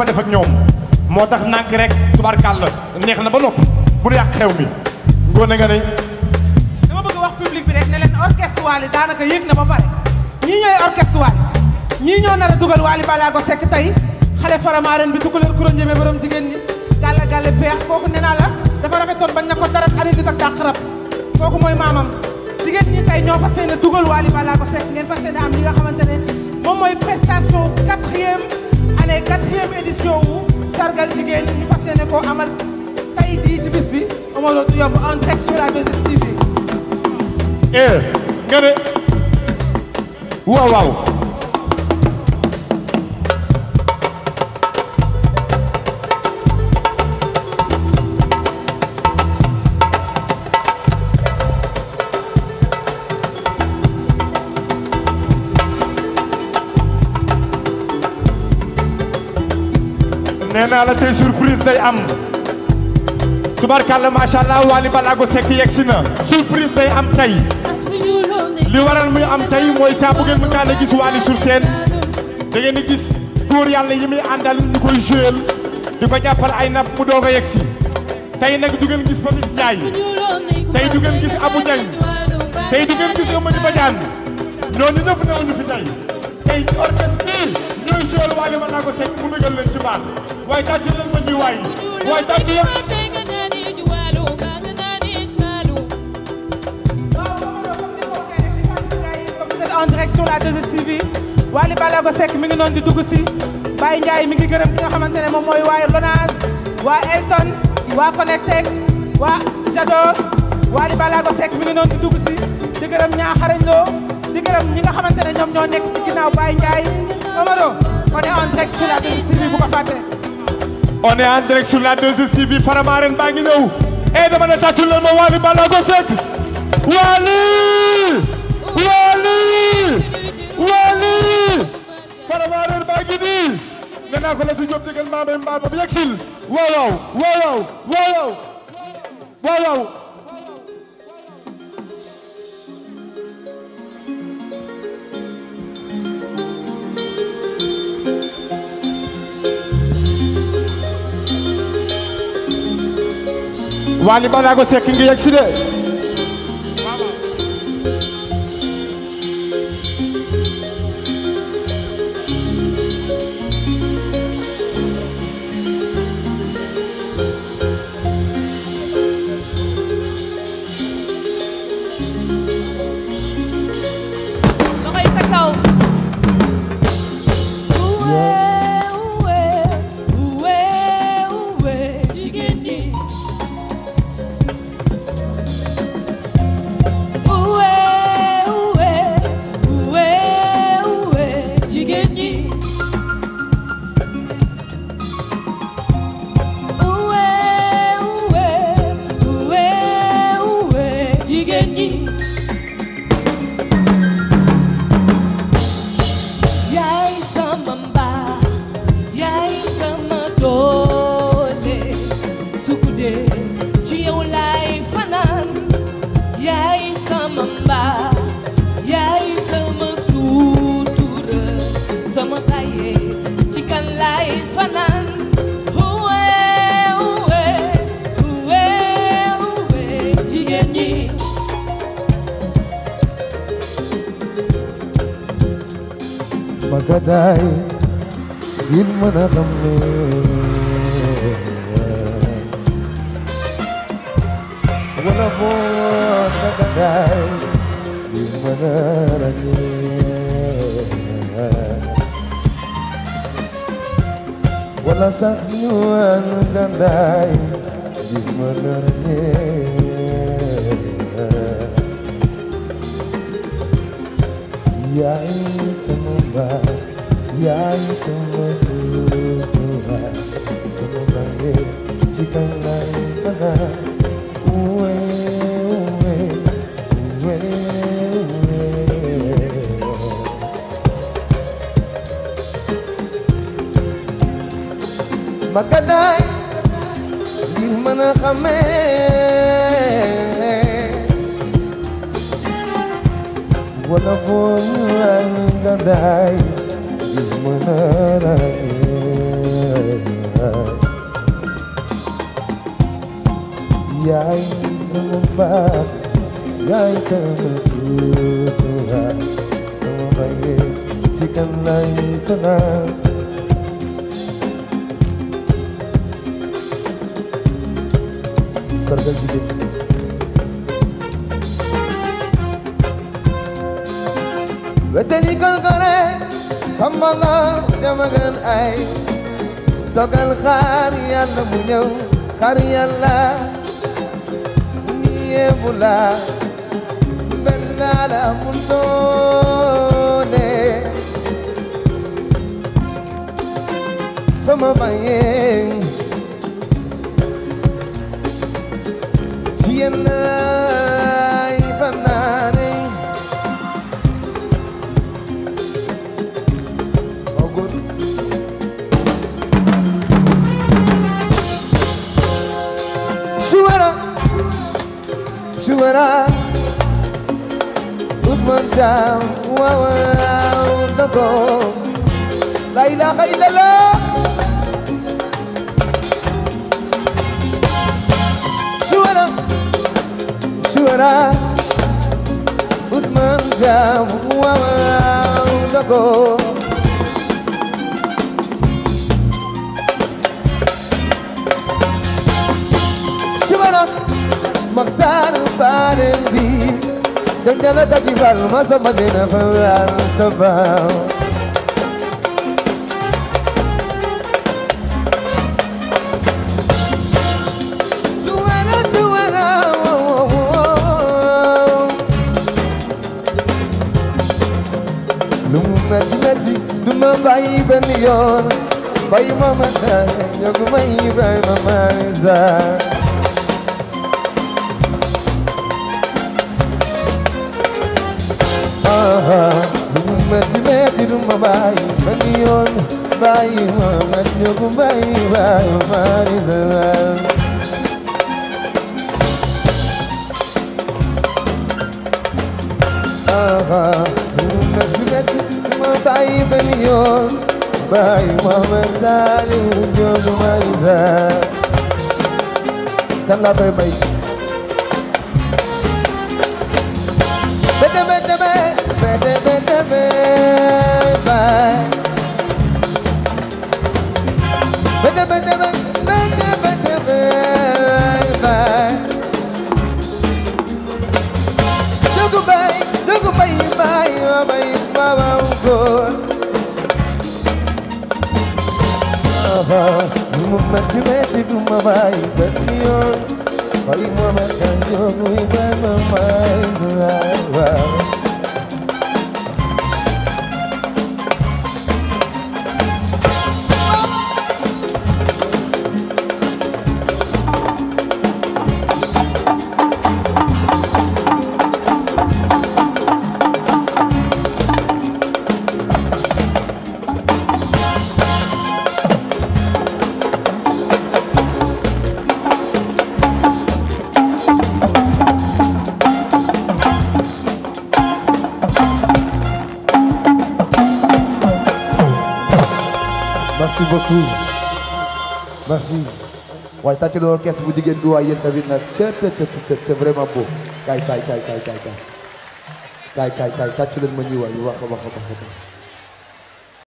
ko def ak ñoom moo tax nànk rek tubarkàlla neex na ba noppi bul yàq xew mi ngoone nga ne. dama bëgg wax public bi rek ne leen orchestre Wally daanaka yëg na ba pare ñii ñooy orchestre Wally ñii ñoo nar a dugal Wally Ballago Seck tey xale faramaaren bi dugaleel kuréel njëmee borom jigéen la dafa rafetoon bañ na ko dara ari nit ak dàq rab kooku mooy maamam jigéen ñi tey ñoo fas yéene dugal Wally Ballago Seck ngeen fas yéene am li nga xamante ne moom mooy prestation quatrième ne quatrième wu sargal jigéen ñu fas yéene amal tey jii ci bis bi amaloo du yomb en direct sur la eh, 2 naa la tey surprise day am tubarkàlla macha allah Wally Ballago Seck yegsi na surprise day am tey li waral muy am tey mooy saa bu ngeen mësaan a gis Wally sur scène da ngeen a gis góor yàlla yi muy àndal ñu koy jouer di ko jàppal ay napp mu doog a yegsi tey nag du ngeen gis Papis Ndiaye tey du gis Abou tey du ngeen gis Amady Badiane ñooñu ñëpp newuñu fi tey tey orchestre bi coolu waaye mën naa ko sekk mu bégal leen ci baax waaye tàccu mi ngi noonu di dugg si Baye Ndiaye mi ngi gërëm ki nga xamante ne moom mooy waa Lonase waa Elton waa Connectec waa Jador Wally Ballago Seck mi ngi noonu di dugg si di gërëm ñaa loo di gërëm ñi nga xamante ne ñoom ñoo nekk ci ginnaaw Baye Ndiaye direct sur la 2STV bu ko baa ngi ñëw. eh dama ne tàccul leen ma Wally Ballago Seck. Wally. Wally. Wally. Faramareen baa ngi nii. nee ko la si Diop digal maa mbay mbaa ba yegsil. waaw waaw waaw waaw waaw waaw waaw. Wally Ballago Seck ngi yegg si de jigéen ñi ma gàddaay ngir mën a xam ne wala boo ma gàddaay ngir mën a ràññee wala sax ñu gàddaay ngir mën a ràññee yaay sama baay yaay sama sutura sama baay ci kaw laay fanaan uwe uwe uwe uwe ma gàddaay ngir mën a xamee ونفوز عند داي جسمنا يا عيسى المبارك يا عيسى مسيطرة سمعي تكن لايتنا سرقل جديد wétalikal ko rek samba nga jama ngeen ay togal xaar yàlla mu ñëw xaar yàlla niyee mu la mben laa la mu doone sama mayeen ci yéen down waaw waaw dogo la ilaha illallah suwara suwara Ousmane Thiam waaw waaw dogo suwara Mokhtar Fane bi dem jala gaji fal ma samba dina faral samba lu mu metti du ma bàyyi benn yoon bàyyi ma ma saa ñoo ko ma Ibrahima ma ma ci metti du ma bàyyi ma ni ma ma ñëgu bàyyi bàyyi ma ma ci metti du ma bàyyi ma ni ma ma saali ñëgu ma ni sawal kan laa koy bay baay bada bada bada bada baay dugu baay dugu baay baay baay baay góor lu mu metti metti du ma baay benn yoon baay ma ma kan jogu baay ma baay merci beaucoup merci waaye tàcc na orchestre bu jigéen bi waaye yéen tamit nag c'est vraiment beau kaay kaay kaay kaay kaay kaay kaay kaay tàcc leen ma ñuy waaye wax a wax a wax a